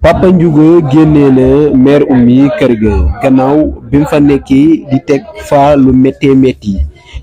Papa Ndiouga génnee na mère Oumy kër ga gannaaw bi mu fa nekkee di teg fa lu méttee métti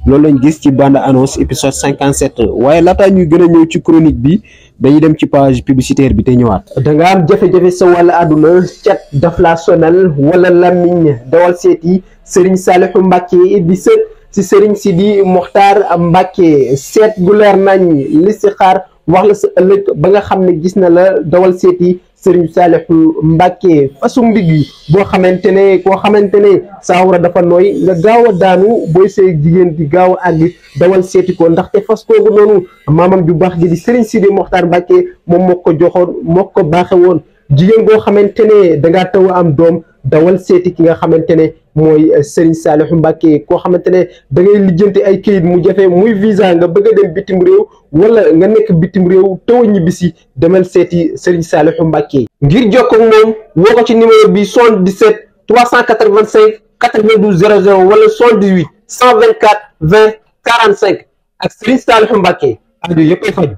loolu lañ gis ci bande annonce épisode 57 waaye laataa ñuy gën a ñëw ci chronique bi dañuy dem ci page publicitaire bi te ñëwaat. da nga am jafe-jafe sa wàllu àdduna cat daf laa sonal wala lamiñ dawal seeti Serigne Salihou Mbacké bi sët ci Serigne Sidi Mokhtar Mbacké seet gu leer nañ li si xaar. wax la sa ëllëg ba nga xam ne gis na la dawal seeti sëriñ Saalihu Mbàkke fasu mbig yi boo xamante ne koo xamante ne sa dafa nooy la gaaw a daanu booy say jigéen di gaaw a àgg dawal seeti ko ndaxte fas koogu noonu maamam ju baax gi di sëriñ Sidi Moxtaar Mbàkke moom moo ko joxoon mook ko baaxe woon jigéen goo xamante ne dangaa taw am doom dawal seeti ki nga xamante ne mooy eh, Serigne Saliou Mbacké koo xamante ne da ngay lijjanti ay kayit mu jafe muy visa nga bëgg a dem bitim réew wala nga nekk bitim réew taw a ñibbisi demal seeti Serigne Saliou Mbacké ngir jokkoo ak moom woo ko ci numéro bi 77 385 92 00 wala 78 124 20 45 ak Serigne Saliou Mbacké aju yëpp a faju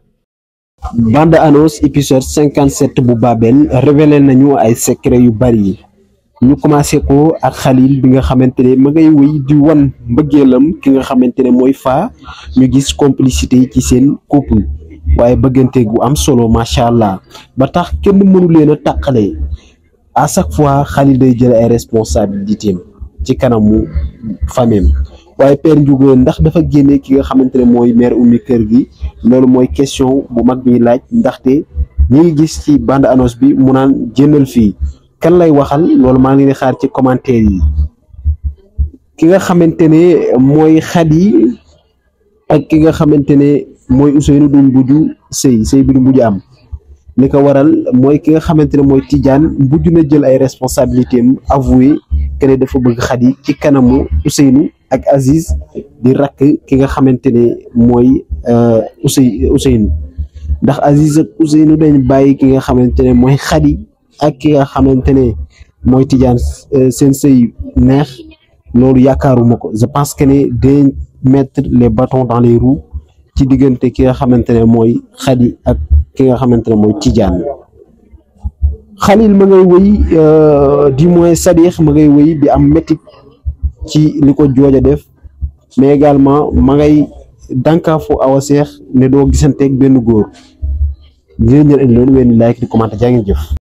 bande annonce épisode cinquante sept bu Babel révélé nañu ay secret yu bari ñu commencé ko ak Khalil bi nga xamante ne ma ngay wéy di wan mbëggeelam ki nga xamante ne mooy faa ñu gis complicité ci seen couple waaye bëggante gu am solo macha allah ba tax kenn mënu leen a tàqale à chaque fois Khalil day jël ay responsabilités ci kanamu famille waaye père Ndiouga ndax dafa génne ki nga xamante ne mooy maire ummi kër gi loolu mooy question bu mag bi laaj ndaxte ñi ngi gis ci bande annonce bi mu naan jëndal fii kan lay waxal loolu maa ngi ne xaar ci commentaire yi ki nga xamante ne mooy Khady ak ki nga xamante ne mooy Ousseynou du mbuju sëy sëy bi du mbuju am li ko waral mooy ki nga xamante ne mooy Tidiane mbuju na jël ay responsabilités am avoué que ne dafa bëgg Khady ci kanamu Ousseynou. ak Aziz di rakk ki nga xamante ne mooy euh, Ousseynou ndax Aziz ak Ousseynou dañ bàyyi ki nga xamante ne mooy Khady ak ki nga xamante ne mooy Tidiane euh, seen sëy neex loolu yaakaaruma ko je pense que ne dinañ mettre les baton dans les roues ci diggante ki nga xamante ne mooy Khady ak ki nga xamante ne mooy Tidiane Khalil ma ngay wëy euh, du moins Sadikh ma ngay wëy di am métit ci li ko jooja def mais également ma ngay dànkaafu Awa Seex ne doo gisanteeg benn góor ñu leen leen indi loolu ween di like di commenter jaa ngeen jëf